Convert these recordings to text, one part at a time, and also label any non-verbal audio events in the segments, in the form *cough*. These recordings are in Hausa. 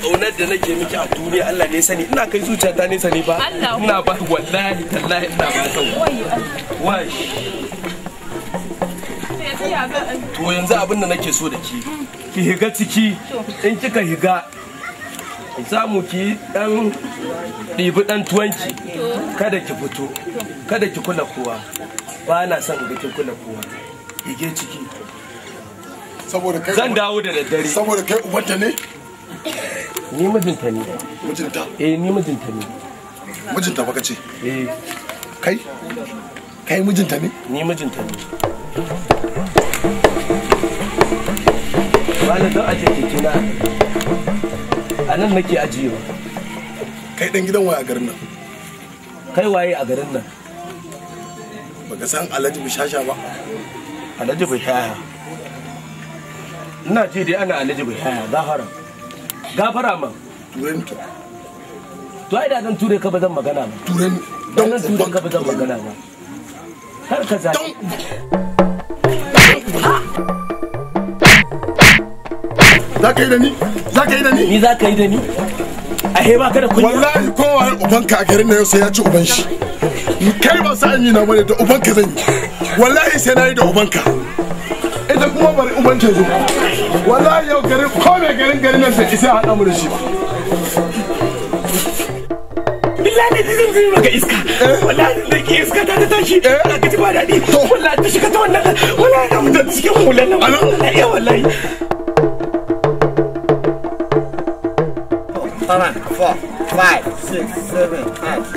kaunar da nake miki a duniya Allah ne sani ina kai zuciya ta nesa ne ba ina ba wallahi tallahi ina ba sau wai to yanzu abin da nake so da ki ki higa ciki in kika higa samu ki dan ɗibi dan tuwanki kada ki fito kada ki kula kowa ba na son ga kin kula kowa hige ciki saboda kai zan dawo da daddare saboda kai ubanta ne ni mijinta ne mijinta eh ni mijinta ne mijinta baka ce eh kai kai mijinta ne ni mijinta ne malam don aje keke na a nan nake ajiyewa kai dan gidan waye a garin nan kai waye a garin nan baka san alhaji bishasha ba alhaji bishasha ina ji dai ana alhaji bai haya gafara gafara man ture ni to ai da ka ba zan magana ba ture ni dan zan ka ba zan magana ba kar ka za ka yi da ni za ka yi da ni ni za ka yi da ni a heba ka da kunya wallahi kowa ubanka a garin na yau sai ya ci uban shi kai ba sa yi na bane da ubanka zan yi wallahi sai na yi da ubanka ita kuma bari zo wallahi yau garin ko mai garin garin nan da isa haɗa mu da shi billahi da zan zuru ga iska eh? wallahi da ke iska ta tashi ana eh? gaji ba daɗi wallahi ta shiga ta wannan wallahi da mutum cikin hulan nan wallahi eh, wallahi Seven, four, five, six, seven, eight.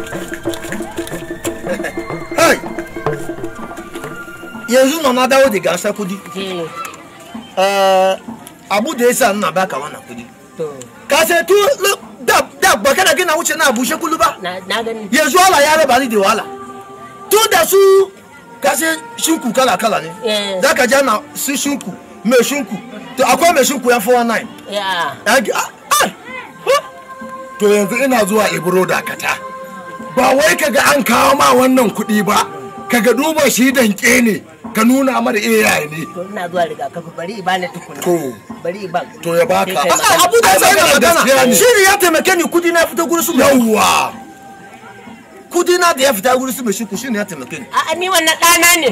*laughs* Hey! Yanzu mama dawo daga Asakudi. Eh, abuda esa na ba ka wana kudi ka se tu da gba kana gina wuce na bushe kuluba ya ala la ya raba ni da wala tu da su ka shinku kala kala ne eh. za ka ja na su shinku me shinku to akwai me shinku yan 419 to yanzu ina zuwa ibro da kata ba wai kaga an kawo ma wannan kudi ba kaga duba shi danke ne ka nuna mara iyaye ne to ina zuwa rigakafi bari bani tukuna to bari bani. to ya baka abu da sai na magana shi ya taimake ni kudi na fita gurin su yawa kudi na da ya fita gurin su shi ku shi ne ya taimake ni a'a ni wannan dana ne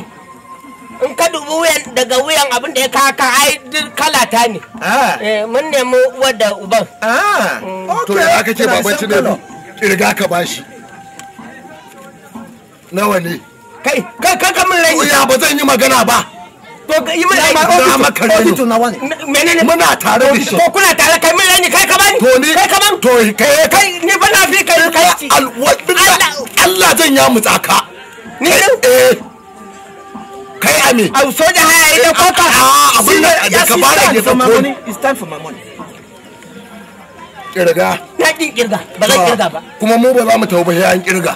in ka dubi wuyan daga wuyan abin da ya kaka ai duk ta ne ah. eh, mun nemi uwar da uban ah. mm. to ya kake babanci ne Riga ka bashi nawa ne kai kai ka min raini ba zan yi magana ba to yi min na maka to menene muna tare da shi to kuna tare kai min raini kai kaman. to ni kai to kai kai ni na fi kai kai Allah zan ya mutsa ka ni kai eh. ami a soja haya yi da eh, kwata a abin da ka fara it's time for my money kirga na kin kirga ba zan kirga ba kuma mu ba za mu tauba sai an kirga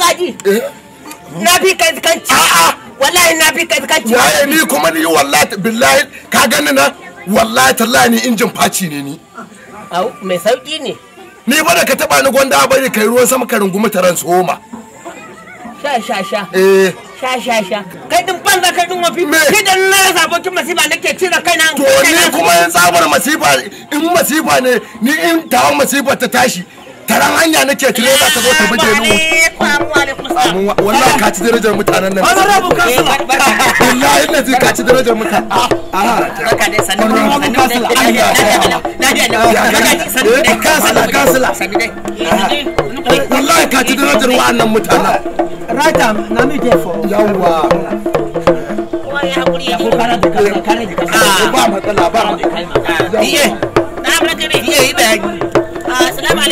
zaki na fi kaskanci a'a wallahi na fi kaskanci waye ni kuma ni wallahi billahi ka gani na wallahi tallahi ni injin faci ne ni au mai sauki ne ni ba da ka taba ni gwanda bari kai ruwan sama ka rungumi taran soma sha sha sha eh sha sha sha kai din banza kai din wafi kai da na rasa abokin masifa nake kai na. to ni kuma in tsabar masifa in masifa ne ni in tawo masifa ta tashi taron hanya nake tirela ta zo ta ni wallahi ka ci darajar mutanen nan wallahi ina ji ka ci darajar mutanen ah, ah. eh, wallahi ka ci darajar wa'annan mutanen um, na mi ke fo yawwa ba matsala ba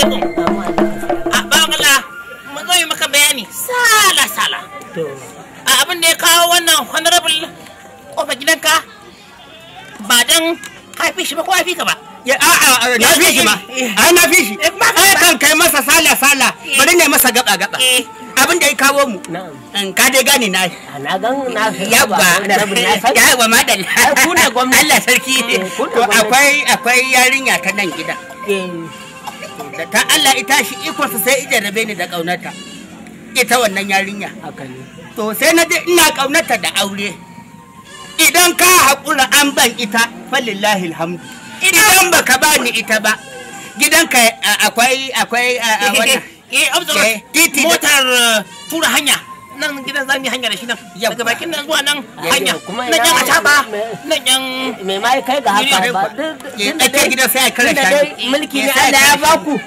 ah. kawo wannan honorable kofa gidanka ba dan haifi shi ba ko haifi ka ba na fi shi ma a na fi shi ai kan kai masa sala sala eh. bari ne masa gaba gaba eh. abin da ya kawo mu ka dai gane na na gan na madal *laughs* Allah sarki eh, to akwai yarinya ta nan gida ta Allah ita shi ikonsa sai rabe ni da kaunarta ita wannan yarinya haka ne to sai na je ina ƙaunata da aure idan ka haƙura an ban ita falillahi alhamdu idan baka ba ni ita ba gidanka akwai akwai wannan motar tura hanya nan gidan za yi hanya da shi nan daga bakin nan zuwa nan eh, hanya nan yan acaba nan yan mai mai kai ga haka ba eh, duk da gidan sai a kare shi mulki eh, ne Allah ya baku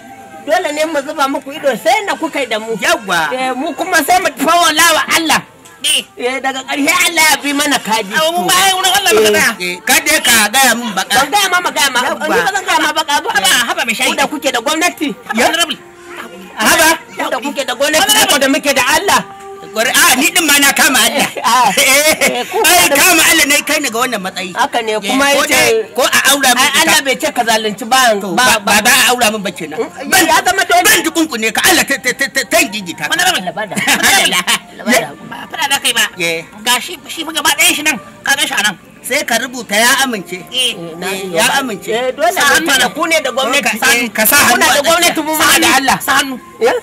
dole ne mu zuba muku ido sai na kuka da mu yawa eh, mu kuma sai mu fawala wa Allah Eh daga ƙarshe Allah ya bi mana kaji. Abu mu bayan wurin Allah maka da. Eh, eh. Ka je ka gaya mun baka. Ban gaya ma ma gaya ma. Ni ba zan gaya ma baka. Haba haba mai shayi. Ku da kuke da gwamnati. Ya. Haba. Ku da kuke da gwamnati. Ku da muke da Allah. a ni din ma na kama Allah *laughs* ah, *laughs* eh, eh, ai kama Allah ne kai ni ga wannan matsayi haka ne eh, kuma yace ko a aura min Allah bai ce ka zalunci ba ba ba ba aura ban mm, ya zama dole ban ka Allah ta ta ta ta gigi ta labada fara da kai ba shi gaba ɗayan shi nan ka ga shi anan sai ka rubuta ya amince ya amince dole hannu da ku ne da gwamnati ka sa hannu da gwamnati mu da Allah sa hannu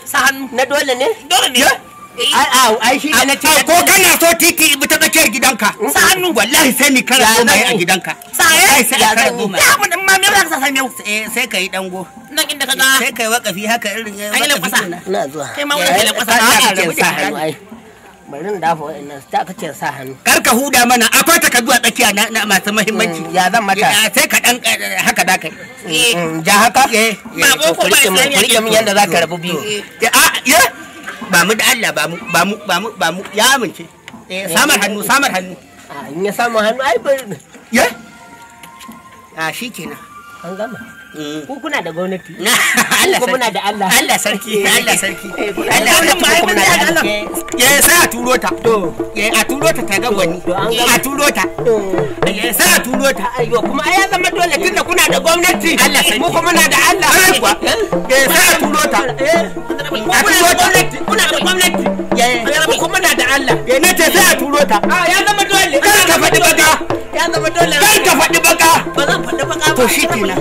sa hannu na dole ne dole ne Eh? ai shi ko kana so titi bi ta tsakiyar gidanka mm. sa wallahi sai ni kara goma a gidanka sai sai kara goma ya ma me za ka sa yau eh, sai kai dango nan inda kaga sai kai wakafi haka irin eh, ai la kwasa na zuwa kai ma wani la kwasa na ka sa hannu ai bari na dafa wa'annan ta kace sa hannu kar ka huda mana akwai takardu a tsakiya na masu muhimmanci mm, ya zan mata sai ka dan haka da kai mm, ja haka ba ko ba sai ya yanda rabu biyu a ah, ya ba mu da Allah ba mu ba mu ba mu ba mu ya amince eh, eh. samar hannu samar hannu ah, in ya samu hannu ai bari ya a ah, shikenan an gama Eh. ku kuna da gwamnati ku muna da Allah Allah eh. sarki Allah eh, sarki Allah sarki ku muna da Allah ya sai a turo ta to ya a turo ta ta ga gwani a turo ta ya sai a turo ta aiyo kuma ai ya zama dole tunda kuna da gwamnati Allah sarki mu kuma muna da Allah ya sai a turo ta eh a turo ta kuna da gwamnati mu kuma muna da Allah na ce sai a turo ta a ah, ya zama dole kar ka faɗi baka ya zama dole kar ka faɗi baka ba zan faɗi baka ba to shi kenan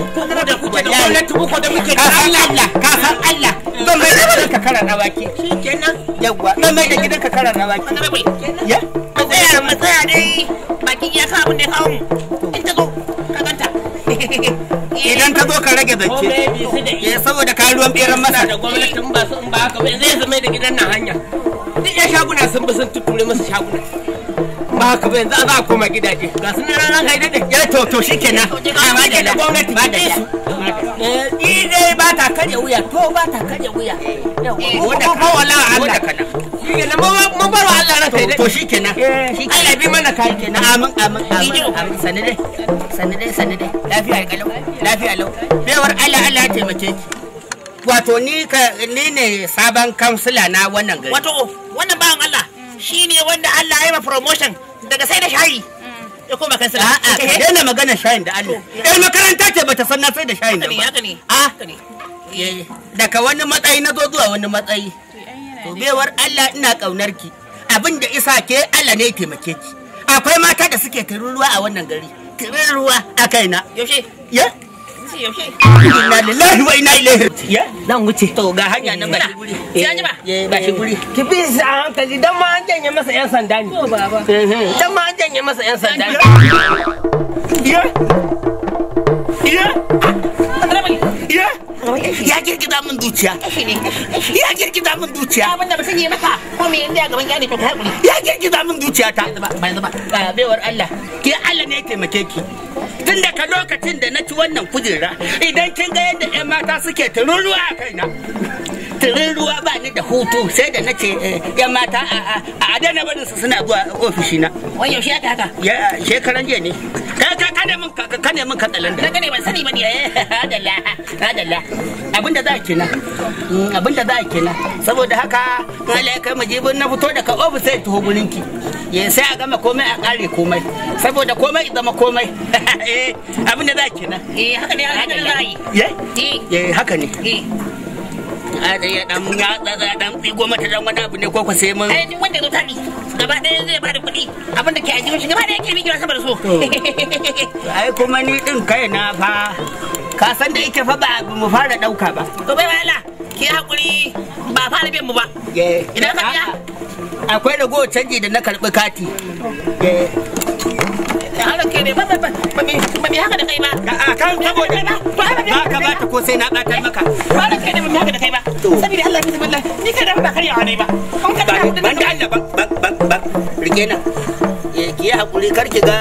ka Allah idan ta zo ka rage zance oh, ya eh, saboda ka ruwan beran masa da gwamnatin ba su in ba haka zai zama da gidan nan hanya duk ya shaguna sun bi sun tutture masa shaguna ba ka ba za a koma gidaje ga su nan ran kai dade ya to to shikenan amma da da gwamnati ba da su eh, ni dai ba ta karya wuya to ba ta karya wuya wanda eh, ka wala Allah kana shikenan mun bar Allah ran kai to shikenan eh, Allah bi mana kai kenan amin amin amin sanin dai sanin dai sanin dai lafiya kalau lafiya lau bewar Allah Allah ya taimake ki wato ni ne sabon kansila na wannan gari wato wannan bawan Allah shine wanda Allah ya ma promotion daga sai da shayi ya koma kansila a'a ka eh. daina magana shayin da Allah ɗan eh. makaranta ce bata san na sai da shayin da ba ah, eh, daga wani matsayi na zo zuwa wani matsayi to bewar Allah ina kaunar ki abin da isa ke Allah ne ya taimake ki akwai mata da suke ruwa a wannan gari ruwa a kaina yaushe ya inna lillahi wa inna ilaihi ya nan wuce to ga hanya nan bana sai ji ba ba shi guri eh, eh, eh. ki bi sa hankali dan ma an janye masa yan sanda ne to baba dan ma an janye masa yan sanda ne ya ya ya girgida min zuciya ya girgida min zuciya abin da mutum ya maka ko me inda gaban ya ne ka hakuri ya girgida min zuciya ta bai zuba baiwar Allah ke Allah ne ya taimake ki tun daga lokacin da na ci wannan kujera idan kin ga yadda 'yan mata suke tururuwa a kaina tirin ruwa ba ni da hutu sai da nace eh, ya mata a adana barin su suna zuwa ofishi na wai yaushe aka haka ya shekaran jiya ne ka ka ka ne mun ka ka ne mun ka da ka ne ban sani ba ne eh, *laughs* adalla adalla abinda za ki na mm, abinda za ki na saboda haka Allah ya kai mu jibin na fito daga ofis sai tuho gurin ki ya sai a gama komai a kare komai saboda komai zama komai *laughs* eh abinda za ki na eh haka ne haka ne za yi eh? eh eh haka ne eh a da ya dan ya tsada dan tsigo mata dan wani abu ne ko ko sai mun eh duk wanda zo tabi gaba ɗaya zai bada kuɗi abin da ke a jikin shi gaba ɗaya ke bi kira sama da so *laughs* ai kuma ni din kai na fa ka san da yake fa ba mu fara dauka ba to bai ba fara mu ba idan ka biya akwai canji da na karɓi kati haka ne ba ba ba haka da kai ba a kan saboda ba ka ba ta ko sai na batar maka ba da kai ne ba haka da kai ba saboda Allah ya tabbata ni kai da ba karyawa ne ba kun ban da Allah ban ban ban rike na ki yi hakuri kar ga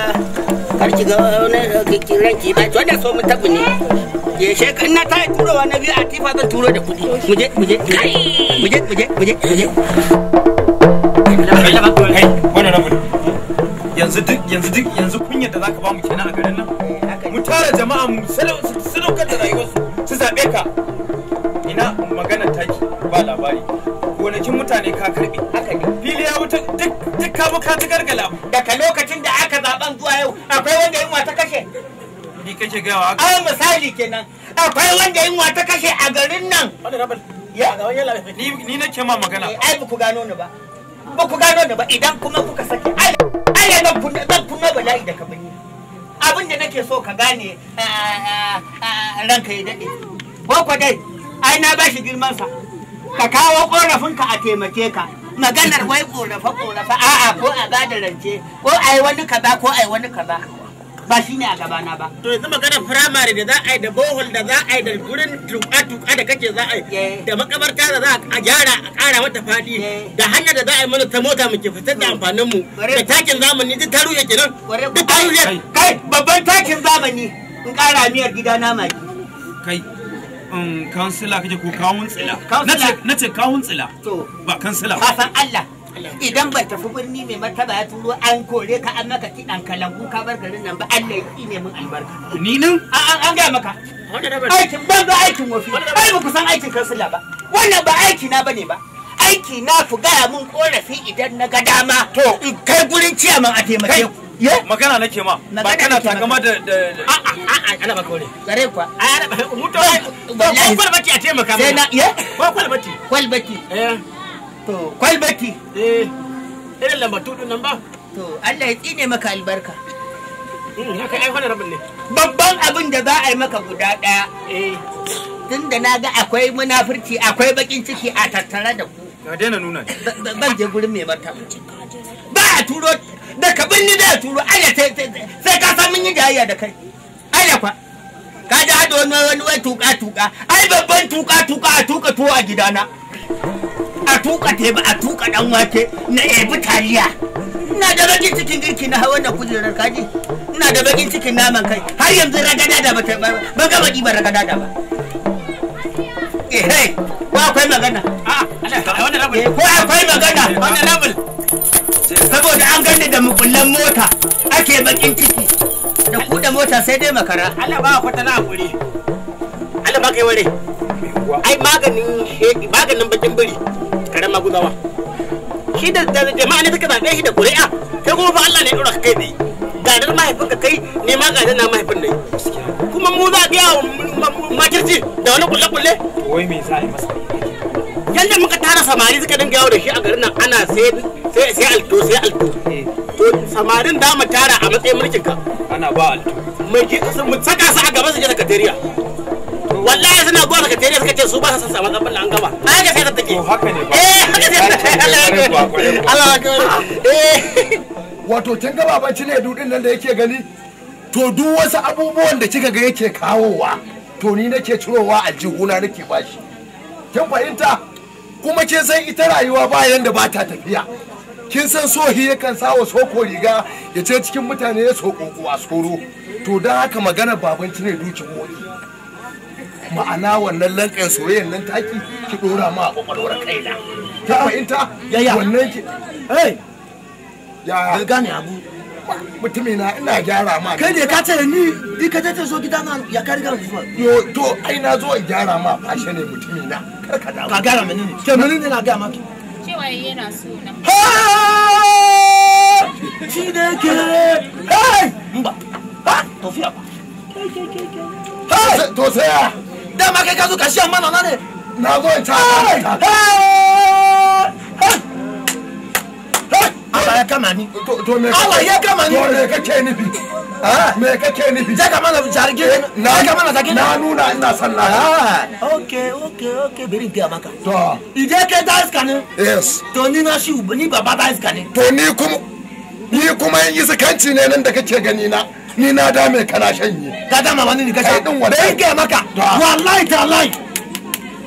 kar ga wani ranki ba wanda so mu tabu ne ya she kan na ta turowa na biyu a tifa zan turo da kudi muje muje muje muje muje muje muje muje muje muje muje muje muje muje muje yanzu duk yanzu duk yanzu kunyar da zaka ba mu kenan a garin nan mu tara jama'a mu sadaukar da rayuwarsu su zaɓe ka ina magana taki ba labari gonakin mutane ka karbi aka yi fili ya wuta duk duk ka bu ka ci gargala daga lokacin da aka zaɓen zuwa yau akwai wanda yunwa ta kashe ni kake gawa haka ai misali kenan akwai wanda yunwa ta kashe a garin nan ni nake ma magana eh, ai ba ku gano ni ba ba ku gano ni ba idan kuma kuka sake ai ai zan kunna zan kunna bala'i da bani abin da nake so ka gane ranka ya dade boko dai ai na bashi girman sa ka kawo korafin ka a taimake ka maganar wai korafa korafa a'a ko a bada rance ko ai wani kaza ko ai wani kaza ba shine a gabana ba to yanzu magana firamare da za a yi da bohol da za a yi da gurin tuka tuka da kake za a yi eh. da makabarta da za a gyara a kara mata fadi eh. da hanyar da za a yi mana ta mota muke fitar da amfanin mu da takin zamani duk ta rushe kenan duk taru rushe kai babban takin zamani in kara miyar gida na maki kai kansila um, kake ko kawun tsila na ce kawun tsila ba kansila ba san Allah idan ba tafi birni mai martaba ya turo an kore ka an maka kiɗan kalangu ka bar garin nan ba Allah ya ne mun albarka ni nan an gaya maka aikin ban ga aikin wofi ai ba san aikin kansila ba wannan ba aiki na bane ba aiki na ku gaya mun korafi idan na ga dama to in kai gurin ciyaman a taimake ku ye magana nake ma ba kana gama da a a ana ba kore. gare kwa a mutuwa ba kwalbati a taimaka mana sai na ye ba kwalbati kwalbati eh to kwalbati eh irin lamba tudu nan ba to Allah ya tsine maka albarka hmm, haka ai wani rabin ne babban abin da za a yi maka guda daya eh. tun da na ga akwai munafurci akwai bakin ciki a tattare da ku Ga daina nuna ban je gurin mai martaba ba a turo da ka binni da turo aya sai sai ka san mun yi jayayya da kai aya kwa ka ji hada wani wani tuka tuka ai babban tuka tuka a tuka tuwo a gidana a tuka teba a tuka dan wake na ebi taliya ina da bakin cikin girki na hawan da kujerar kaji ina da bakin cikin naman kai har yanzu ragada da bata ba ga baki ba ragada da ba eh ko akwai magana ah, a wannan rabul eh, ko akwai magana rabul saboda an ganni da mukullan mota ake bakin ciki da kuɗa mota sai dai makara Allah ba kwata na hakuri Allah ba kai ware ai maganin maganin Allah shi da jama'a ne suka zaɓe shi da ƙuri'a kai kuma fa Allah ne ɗora kai ne gadar mahaifinka kai ne ma gadar na mahaifin ne kuma mu za a biya wa makirci da wani kulle-kulle wai me za a yi masa yadda muka tara samari suka dinga yawo da shi a garin nan ana sai sai alto sai alto eh. to samarin da mu tara a matsayin mulkin ka ana ba alto mu saka su a gaba su je sakatariya wallahi suna zuwa sakatariya suka ce su ba su san saman an gaba ai ga sai take eh. eh. wato kin ga babanci ne dudin nan da yake gani to duk wasu abubuwan da kika ga yake kawowa to ni nake cirowa a jihuna nake bashi kin fahimta kuma kin san ita rayuwa ba yanda ba ta tafiya kin san sohi yakan sa wa soko riga ya ce cikin mutane ya soko kuwa soro to don haka magana babanci ne duki gobe ma'ana wannan lankan soyayyen nan taki ki dora ma a kwakwalwar kaina ta fahimta ya ya wannan ki eh ya ya ga gane abu mutumi na ina gyara ma kai ne ka tare ni duk ka tace so gida na ya kari gara zuwa yo to ai na zo in gyara ma fashe ne mutumi na kar ka ka gyara mini ne ke mini ne na ga maki cewa yana so na shi ne ke hey mba ha to fiya ba ke ke ke ke hey to sai dama kai ka zo ka shi mana ne na zo ta Allah ya kama ni Allah ya kama ni to me kake nufi me kake nufi ka mana jarige na ka mana zage na nuna ina sallah okay okay okay bari ga maka to ide ke da iska ne yes to ni na shi ni baba da iska ne to ni kuma ni kuma yin iskanci ne nan da kake gani na ni na da me kana shan yi ka dama wani ni ka sha da yake maka wallahi ta tallahi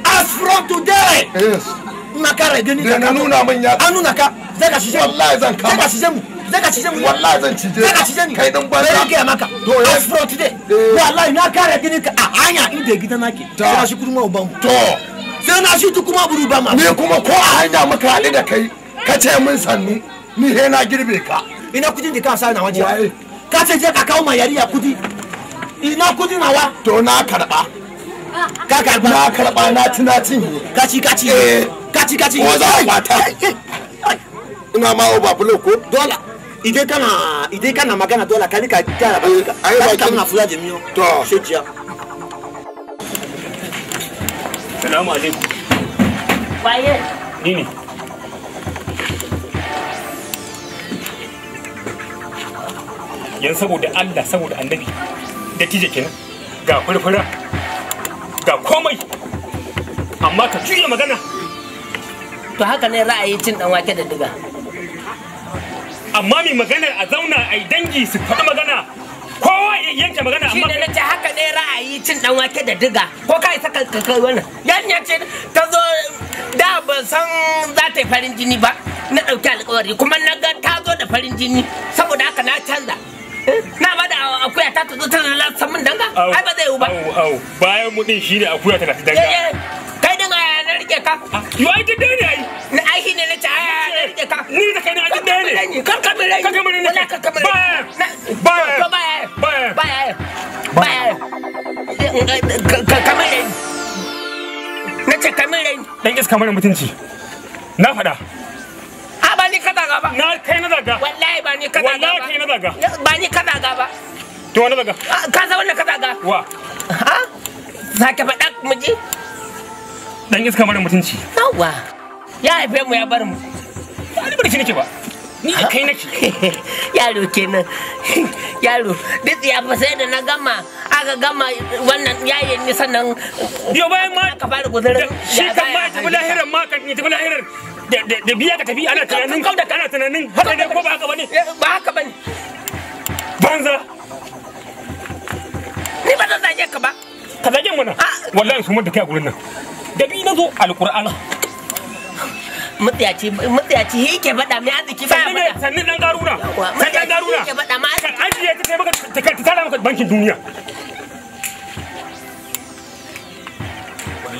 as from today yes na makara gani ka nuna mun ya an nuna ka zaka shi shan wallahi zan ka zaka shi shan zaka shi shan wallahi zan ci zai zaka shi shan kai dan banza da yake maka to as from today eh. wallahi na kare gani ka a hanya inda gidan nake zaka shi kuma uban to sai na shi tu kuma buru ba ma ni kuma ko a hanya muka haɗu da kai ka ce mun sannu ni he na girbe ka ina kujin da ka sa na waje ka ce je ka kawo ma ya kudi ina kudi nawa to na karba ka karba na karba na tuna cinye kaci kaci ka eh. kaci ka ko za ka ta ina ma o ba bulo ko dola ide kana ide kana magana dola ka ka gyara ba eh, ka ai ba kana fula da miyo to shejiya salamu alaikum waye nini yanzu saboda Allah saboda annabi da tije kenan ga furfura ga komai amma ka juya magana to haka ne ra'ayi cin dan wake da diga amma mai magana a zauna a yi dangi su faɗi magana kowa ya yanke magana amma shi ne nace haka ne ra'ayi cin dan wake da diga ko kai saka ka kai wannan ya ce ta zo da ban san za ta yi farin jini ba na ɗauki alƙawari kuma na ga ta zo da farin jini saboda haka na canza na ba da akuya ta tuzo ta lalata min danga ai ba zai yi ba au bayan mu din shine akuya ta danga eh, eh. kai din aya na rike ka ah, yo ai din dai ai na ai shine na ta aya na rike ka ni da kai na din dai ne kar ka mire kar ka mire ne kar ba mire ba ba ba ba ba ba ka mire eh, na ce ka mire dan iska mara mutunci na faɗa ni kada gaba. na kai na daga wallahi ba ni ka daga wallahi kai na daga ba ni ah, ka daga to wani daga ka za wannan kada daga wa ha ka faɗa mu ji dan iska mara mutunci yawa ya haife mu ya bar mu ba ni barki nake ba ni da kai nake *laughs* yaro kenan *laughs* yaro duk ya fa sai da na gama aka gama wannan yayin ni sannan yo bayan ma ka fara guzurin shi kan ma tafi lahirar ma ni tafi lahirar da biya ka tafi ana tunanin kauda ka ana tunanin haka ne ko ba haka bane eh, ba haka bane banza ni ba zan zage ka ba ka zage mana ah. wallahi su mun da kai a gurin nan da bi na zo alqur'ana mutiyaci mutiyaci he yake faɗa mai arziki fa ya sannin dan garuna sannin dan garuna ka ajiye ta kai maka ta tara maka bankin duniya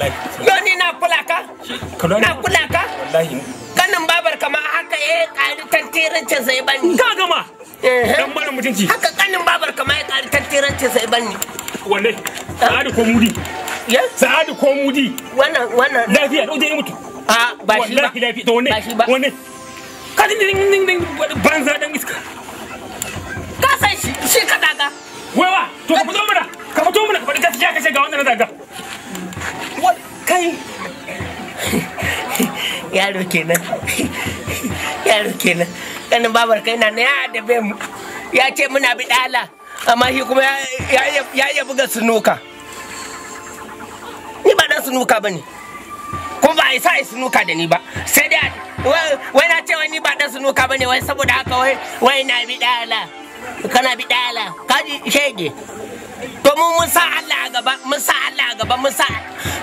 yo na kulaka na kula ka kanin babar kama haka eh ƙari tantirancin sai bani ka gama eh. dan barin mutunci haka kanin babar kama ya ƙari tantirancin sai bani wallahi eh? sa'adu ko mudi ya sa'adu ko mudi wannan wannan lafiya dau dai mutu a ba shi ba lafiya to wannan ba shi ba wannan ka din din din banza dan iska ka san shi shi ka daga Wawa, to ka fito mana, ka fito mana ka faɗi gaskiya ka ce ga wannan na zaga. Wal kai. Yaro kenan. Yaro kenan. kan babar kai na ya adabe mu. Ya ce muna bi dala, amma shi kuma ya iya buga sunuka. Ni ba dan sunuka bane. Kuma ba a isa a sunuka da ni ba. Sai dai wai na ce wai ni ba dan sunuka bane wai saboda haka wai wai na bi dala. kana bi dala kaji shege to mu mun sa Allah a gaba mun sa Allah a gaba mun sa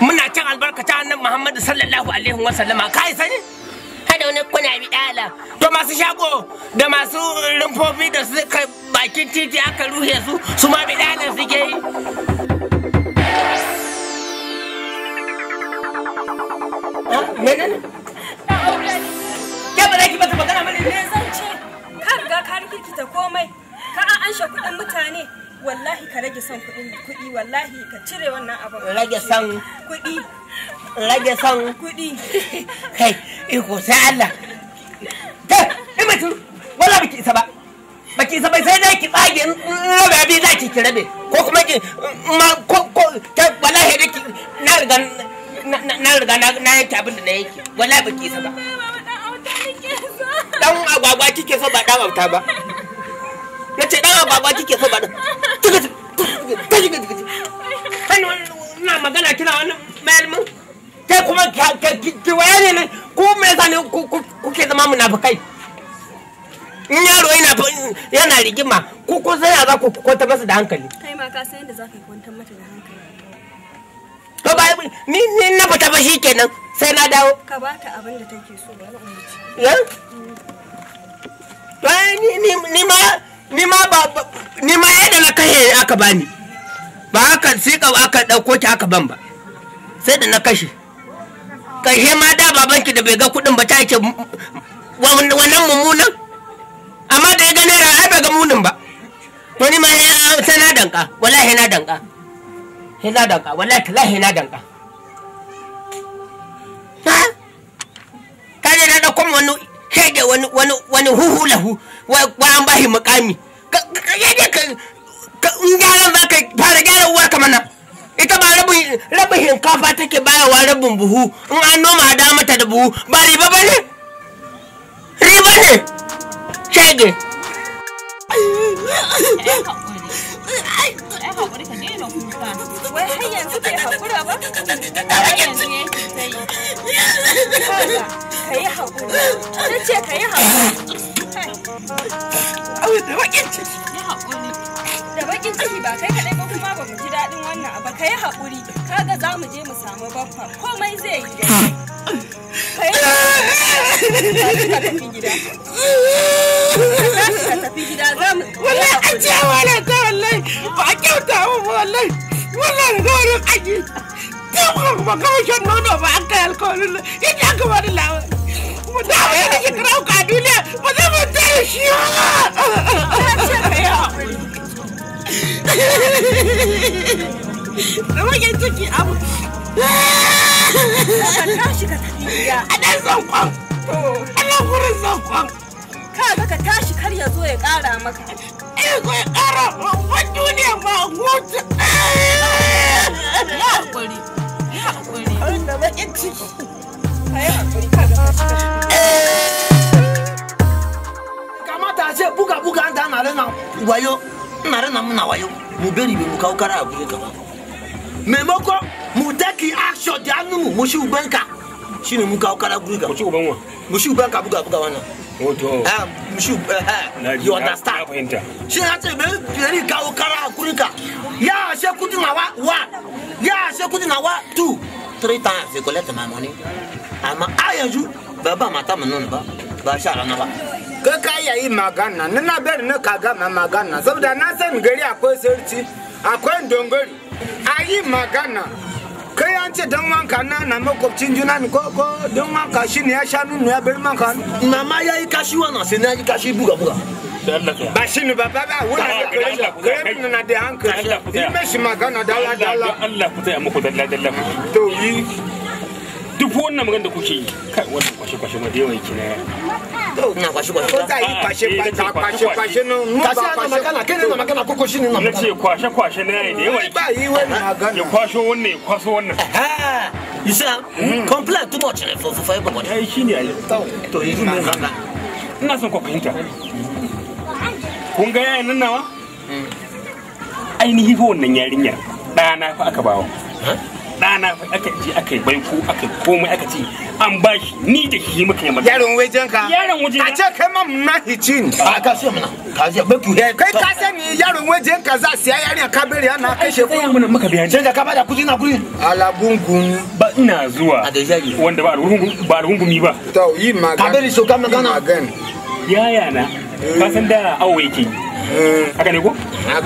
muna cin albarkata annabi Muhammadu sallallahu alaihi wa sallama kai sani kada wani kuna bi dala to masu shago da masu rumfofi da su kai bakin titi aka ruhe su su ma bi dala suke yi ya ba za ki mata magana mana ne zan ce ka riga ka komai ka an anshe kuɗin mutane wallahi ka rage son kuɗin kuɗi wallahi ka cire wannan abin rage son kuɗi rage son kuɗi kai iko sai Allah ta imatu wala baki isa ba baki isa bai sai dai ki tsage in rabe bi za ki rabe ko kuma ki ma ko ko wallahi dai ki na riga na riga na yake abin da na yake wallahi baki isa ba dan agwagwa kike so ba dan auta ba ya ce ɗan ababa kike so ba na magana kina wannan mayalmin kai kuma ki waya ne nan ko me yasa ne kuke zama munafukai in yaro yana yana rigima ko ko sai ya za ku kwanta masa da hankali kai ma ka san yadda za ka kwantar mata da hankali to ba ni ni na fita ba shikenan sai na dawo ka ba ta abin da take so ba na umurci eh to ni ni ma ni ma ba ni yadda na kashe aka bani ba haka sai ka aka dauko ki aka ban ba sai da na kashe kashe ma da babanki da bai ga kudin ba ta yake wannan mummunan amma da ya gane naira ai bai ga munin ba to ni ma sai na danka wallahi na danka sai na danka wallahi tallahi na danka wani huhu lahu wa an bashi mukami in fara gyara uwar ka ita ba rabin rabin take bayarwa rabin buhu in an noma da mata da buhu ba riba ba ne riba ne shege 我黑眼子也好不了吧，大眼睛可以，好可以好过了，这姐以好过了，哎，我等会儿好过了。da bakin ciki ba kai kaɗai ba kuma ba mu ji daɗin wannan abu ka yi haƙuri kaga za mu je mu samu baffa komai zai yi ka ka tafi gida wallahi an ce wallahi ta wallahi ba a kyauta ba wallahi wallahi ga wurin aji ta kuma kawai shan nono ba an kai alkawarin yadda aka wani lawa mu dawo yadda kira ka duniya ba zai mu tare shi ba Rage ciki abu. Ka tashi ka tafiya. A ɗan Ka ka tashi kar ya zo ya ƙara maka. Eh ko ya ƙara duniya hutu. da Ka haƙuri eh. Kamata a ce buga-buga an ta na wayo. nare na na wayo mubeni bi muka ukara abuye kama memoko muteki action di anu mu mushi ubenka shine muka ukara abuye kama mushi ubenwa mushi ubenka buga buga wana Ojo. Eh, mushi eh you understand. Shine ate be pieri ka ukara akurika. Ya she kuti na wa wa. Ya she kuti na wa two three times they collect my money. Ama ayanju baba mata mnonba. Ba shara na ba. ka kaya yi magana nuna bari na kaga ma magana saboda na san gari akwai sarki akwai dongori a yi magana kai an ce don wanka na na makwabcin juna ne ko ko don wanka shi ne ya sha nunu ya bari manka mama ya yi kashi wannan sai na yi kashi buga buga ba shi ne ba ba ba wani ne kare mu na da hankali yi mashi magana dala dala Allah ku taya muku dala dala to yi duk wannan magana da kuke yi kai wannan kwashe kwashe ma da yawa yake na na ka na ne na ne wani ga yayin nan nawa mm. ainihi fa wannan yarinya ɗana aka bawa ɗana aka je aka yi baiko aka yi komai aka ce an ba shi ni da shi muka yi magana yaron wajen ka yaron wajen ka ce kai ma na cin. a ka sai mana ka sai baiko kai ka ni yaron wajen ka za siya yarin ka bari ana kai shi ko mun muka biya canza ka bada kuɗi na kuɗi alagungun ba ina zuwa wanda ba alhungumi ba alhungumi ba to yi magana ka bari so ka magana yaya na ka san da awo yake eh. haka ne ko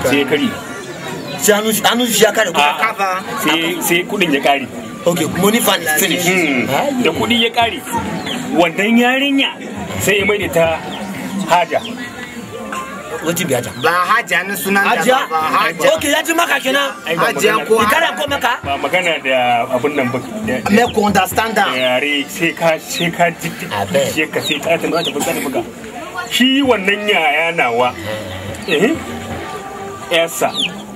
sai kari sai hannun shi ya kare kuɗi sai kuɗin ya kare ok money fund finish hmm, da ya kare wannan yarinya sai ya maida ta haja wajen ba haja ni sunan da ba haja. ok ya ji maka kenan hajiya ko hajiya ko maka ba magana da abun nan ba me ko understand da yare sai ka sai ka jikki sai ka sai ka tana da bukata maka shi wannan yaya nawa eh yarsa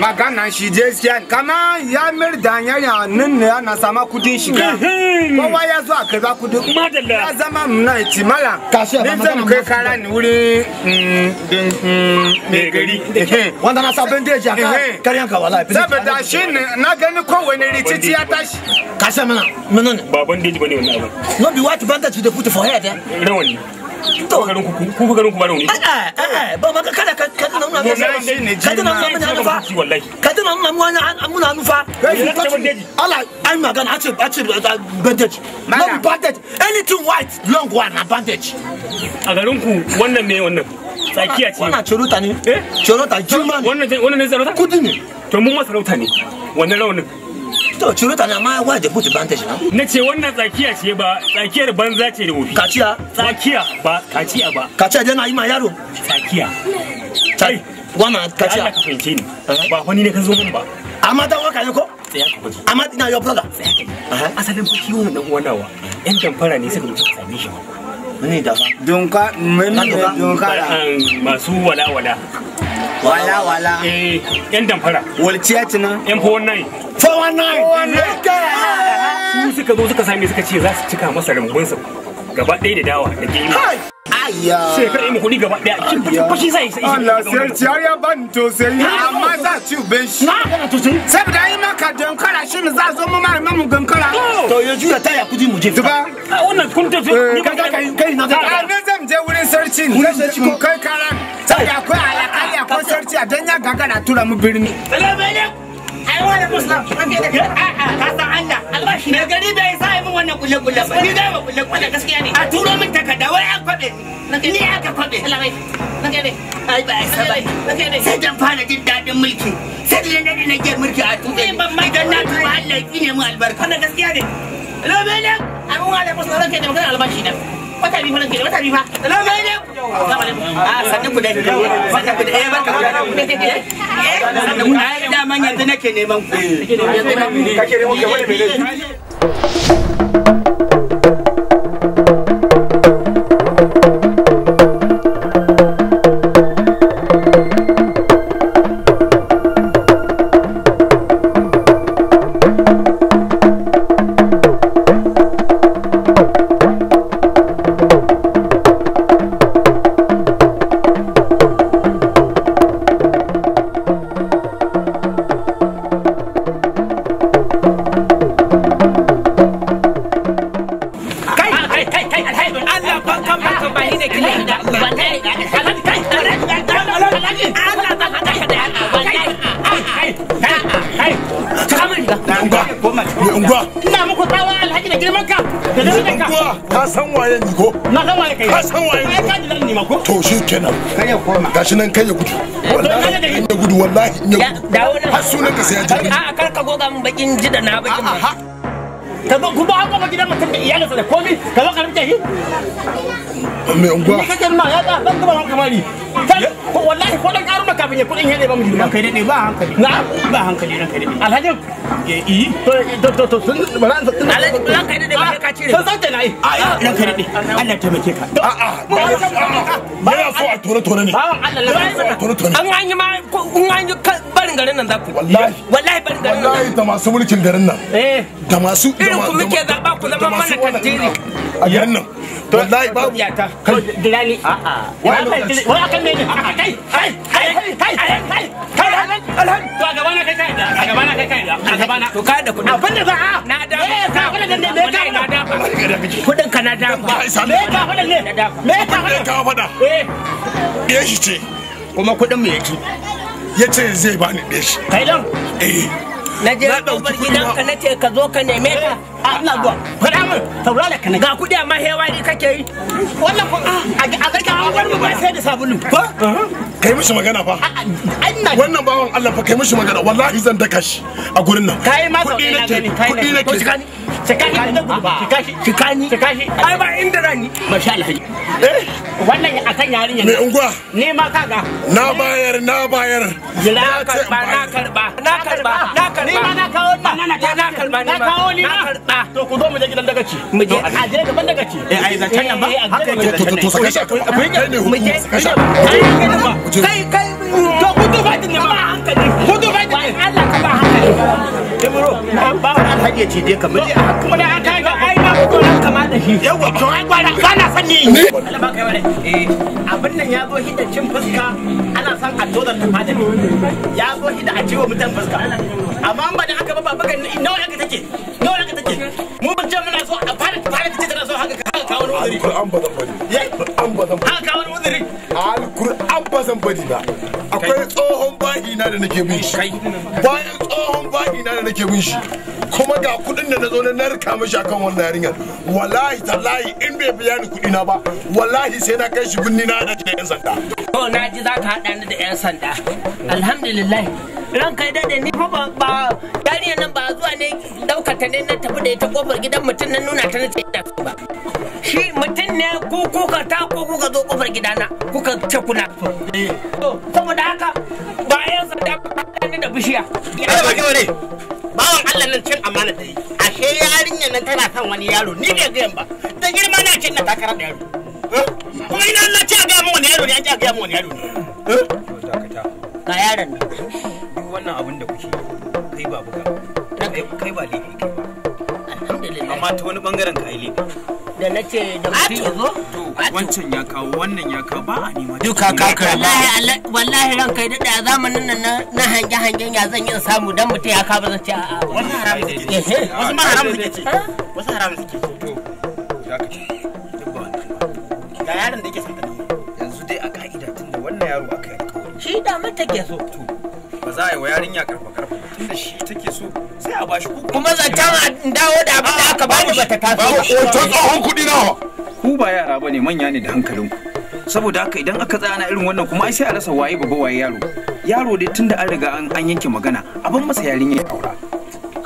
magana shi je siyan kana ya mir da yanya nan ne yana sama kudin shiga kowa ya zo a karba kudin ya zama mna ci mala ni zan kai kara ni wuri mm, mm, mm, mai gari wanda na sabon da ya karyan ka wala saboda shi na gani kowane rikici ya tashi kashe mana mana ne baban da ji bane wannan abin no be what bandage you dey put for head eh rawani to garin ku ku ne ba ma kada ka ka tuna mun ka tuna mun mun nufa ka tuna nufa ala ai magana a ce a bandage no bandage anything white long one na bandage a garin ku wannan me wannan tsakiya ce wannan chorota ne eh chorota juma wannan wannan ne sarauta kudi ne to mun masarauta ne wannan raunin To ciro ta na ma wa da put advantage na. Na ce wannan tsakiya ce ba tsakiyar banza ce da wofi. Kaciya? Tsakiya ba kaciya ba. Kaciya dai na yi ma yaro. Tsakiya. Tai. Wannan kaciya. ka fahimce ni. Eh? Ba wani ne ka zo mun ba. Amma dan waka ne ko? Amma ina your brother. Eh? Asalin fa kiwo na wannan wa. Yan damfara ne suka mutu same shi. ne da fa? ne don ka um, Masu wala wala. wala wala eh yan damfara walciya ci yan 419 419 su suka zo suka same suka ce za su cika masa rumbunsa gaba ɗaya da dawa da gemu sai ka yi kuɗi gaba ɗaya kin fice fashi sai sai Allah sai ciyar ya ban to amma za ci ube shi saboda yi maka dankara shi za zo mu ma mu dankara oh! to ya juya mu je tuba ah, wannan kun ta ni ka kai kai na ga ne zan je wurin ni zan ci kai karan sai akwai alakali akwai sarki a danya ya gagara tura mu birni ai wani da a'a ka san Allah gari bai sa yi min wannan kulle kulle ba ni dai ba kulle kulle gaskiya ne a turo min takarda wai an kwabe ni aka kwabe nake ne ai ba sai dan fara jin dadin mulki sai nake mulki a tuɗe ban mai dan na Allah ya kine mu albarka wannan gaskiya ne an wani da albashi ne wata biyu ranke da wata biyu fa a sannan ku eh, ku barka eh sannan ku nake neman ku kake neman ku shi nan kai ya gudu wallahi ya gudu wallahi ya gudu har sunan ka sai ya ji a kar ka goga min bakin ji da na bakin ka zo kuma gidan mutum da da komai ka zo ka unguwa ma ya ban kamari ko wallahi ko dan karo maka bin kudin yade ba mu juna kai dade ba hankali na ba hankali ran kai dade alhaji eh yi to to to sun ah, ba sun alhaji kai ba ka cire sun sauta na yi ran kai dade Allah ta make ka a a ba ya so a tore tore ne Allah so a tore tore an an ma an barin garin nan za wallahi wallahi barin garin nan wallahi da masu mulkin garin nan eh da masu irin ku muke zaba ku zama mana kantiri a garin nan wallahi babu yata dilali a a wai akai ne ne kai kai kai kai kai kai alhan to a gabana kai kai da a gabana kai kai da a gabana to kai da kudin abin da ba na da eh ka kudin ne me ka na da kudin ka na da me ka kudin ne me ka kudin ka fada eh biye shi ce kuma kudin me yake yace zai bani biye shi kai dan eh na je kofar gidanka nace ka zo ka neme taurara ka ga kuɗi amma hewari kake yi wannan ko ah. a garka an gwarmu ba sai da sabulu ko kai mishi magana fa wannan bawan Allah fa kai mishi magana wallahi zan daka shi a gurin nan kai ma sau na gani kai kuɗi nake shikani shikani da gudu ba shikani shikani ai ba inda rani masha Allah eh wannan akan yarinya ne unguwa ni ma kaga na bayar na bayar na karba na karba na karba na karba ni ma na kawo ni na na karba na kawo ni na karba to ku zo mu je gidan daga dagaci mu je a je gaban dagaci eh ai zancen nan ba eh, haka to to saka shi ku yi ne mu je kai kai to ku to ba din ba hankali ku to ba din Allah ka ba hankali na ba wa ta ci ka mu je a kuma ga ai na fito nan kama da shi yawa to ai ba na san ni Allah ba kai eh abin nan ya zo hidacin fuska ana san a tozar ta fada ya zo a ciwo mutan fuska amma ba aka ba ba nawa aka take nawa aka take mu ban jan muna so a fara fara kace tana so haka ka kawo wani uzuri alquran ba zan bari alquran ba zan bari haka wani uzuri alquran ba zan bari ba akwai tsohon bahi na da nake bin shi bayan tsohon bahi na da nake bin shi kuma ga kudin da na zo na narka mashi akan wannan yarinyar wallahi tallahi in bai biya ni kudi na ba wallahi sai na kai shi binni na da yan sanda to na ji za ka haɗa ni da yan sanda alhamdulillah ran kai dade ni fa ba yarinyar nan ba zuwa ne daukar ta ne na tafi da ita kofar gidan mutum na nuna ta na ce da ba shi mutum ne ku kuka ta ko kuka zo kofar gidana kuka ce kuna so saboda haka bayan sa da ni da bishiya ya ba ki wani bawan Allah nan cin amana da yi ashe yarinyar nan tana son wani yaro ni bai gayan ba da girma na ce na takarar da yaro kuma ina Allah ce a gaya mu wani yaro ne a ce a gaya mu wani yaro ne ga yaron nan wannan abin da kuke kai ba buga kai ba laifi kai ba alhamdulillah amma ta wani bangaren ka yi laifi da na ce da mutum ya zo wancan ya kawo wannan ya kawo ba a nema duka ka kaka wallahi wallahi ran kai da zamanin nan na hange hange ya zan yi samu dan mutum ya kawo zan ce a wannan haram ne ce wasu ma haram suke ce wasu haram suke ce eh, eh, to ya ka ce duk ba wannan ga yaron da yake son ta yanzu dai a ka'ida tunda wannan yaro aka yi alƙawari shi da mutake ke so to ba za a yi wa yarinya karfa karfa tun shi take so sai a bashi kuku kuma zaton a dawo da abin da aka bani bata taso ba hoton tsohon kuɗi nawa ku ba yara ne manya ne da ku. saboda haka idan aka tsaya na irin wannan kuma ai sai a rasa waye baba waye yaro yaro dai tunda an riga an yanke magana abin masa yarinya ya aura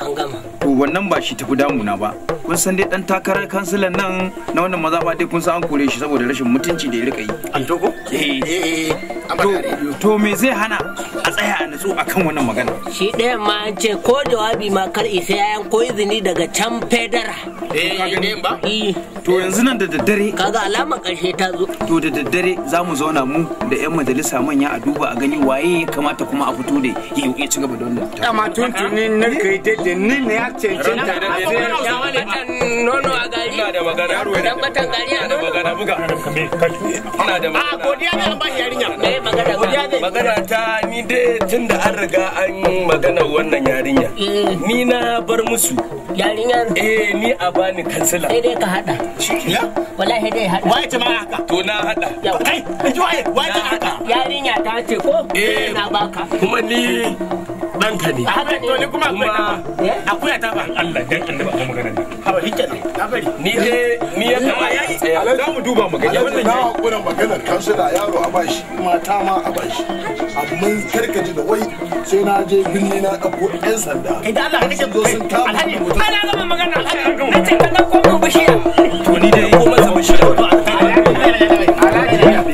an gama to wannan ba shi tafi damuna ba kun san dai dan takarar kansilan nan na wannan maza ba dai kun san an kore shi saboda rashin mutunci da ya rika yi an ko eh eh, eh, eh, eh. to me zai hana tsaya a natsu akan wannan magana shi ɗaya ma an ce ko jawabi ma kar isa yayan ko izini daga can fedara eh ka gane ba to yanzu nan da daddare kaga alama ƙarshe ta zo to da daddare za mu zauna mu da yan majalisa manya a duba a gani waye ya kamata kuma a fito da ya yi ci gaba da wannan amma tuntunin nan kai daidai ne ya cancanta da zai ya wani nono a gani ina da magana dan batan gari a nono da buga ina da magana a ah, godiya ne an ba yarinya me eh, magana godiya magana ta ni dai tunda an riga an magana wannan yarinya mm. ni na bar musu yarinyar eh ni a bani kansila sai dai ka hada ya wallahi dai hada wai ta ma haka to na hada kai ji wai wai ta haka yarinya ta ce ko eh na baka kuma ni ɗanka ne to kuma akwai ta ba eh? Allah dan annaba kuma magana ne haba hikka ne kabari ni dai ni ya kama ya yi eh, za mu duba mu gani wannan ya hakurin maganar kansila yaro a bashi mata ma a bashi abu mun karkaji da wai sai na je binni na ɗauko ɗan sanda idan Allah ka kace sun kama alhaji ana gama magana alhaji na ce ka ɗauko mu bishiya to ni dai ko masa bishiya to alhaji alhaji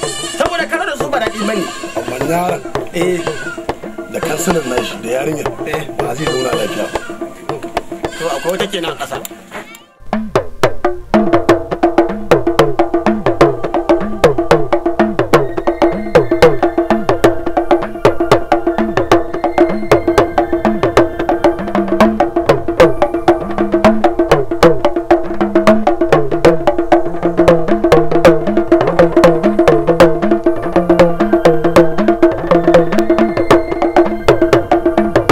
bane amma yaran eh da kansunan nashi da yarinya eh. ba zai zauna lafiya to akwai wata kenan ƙasa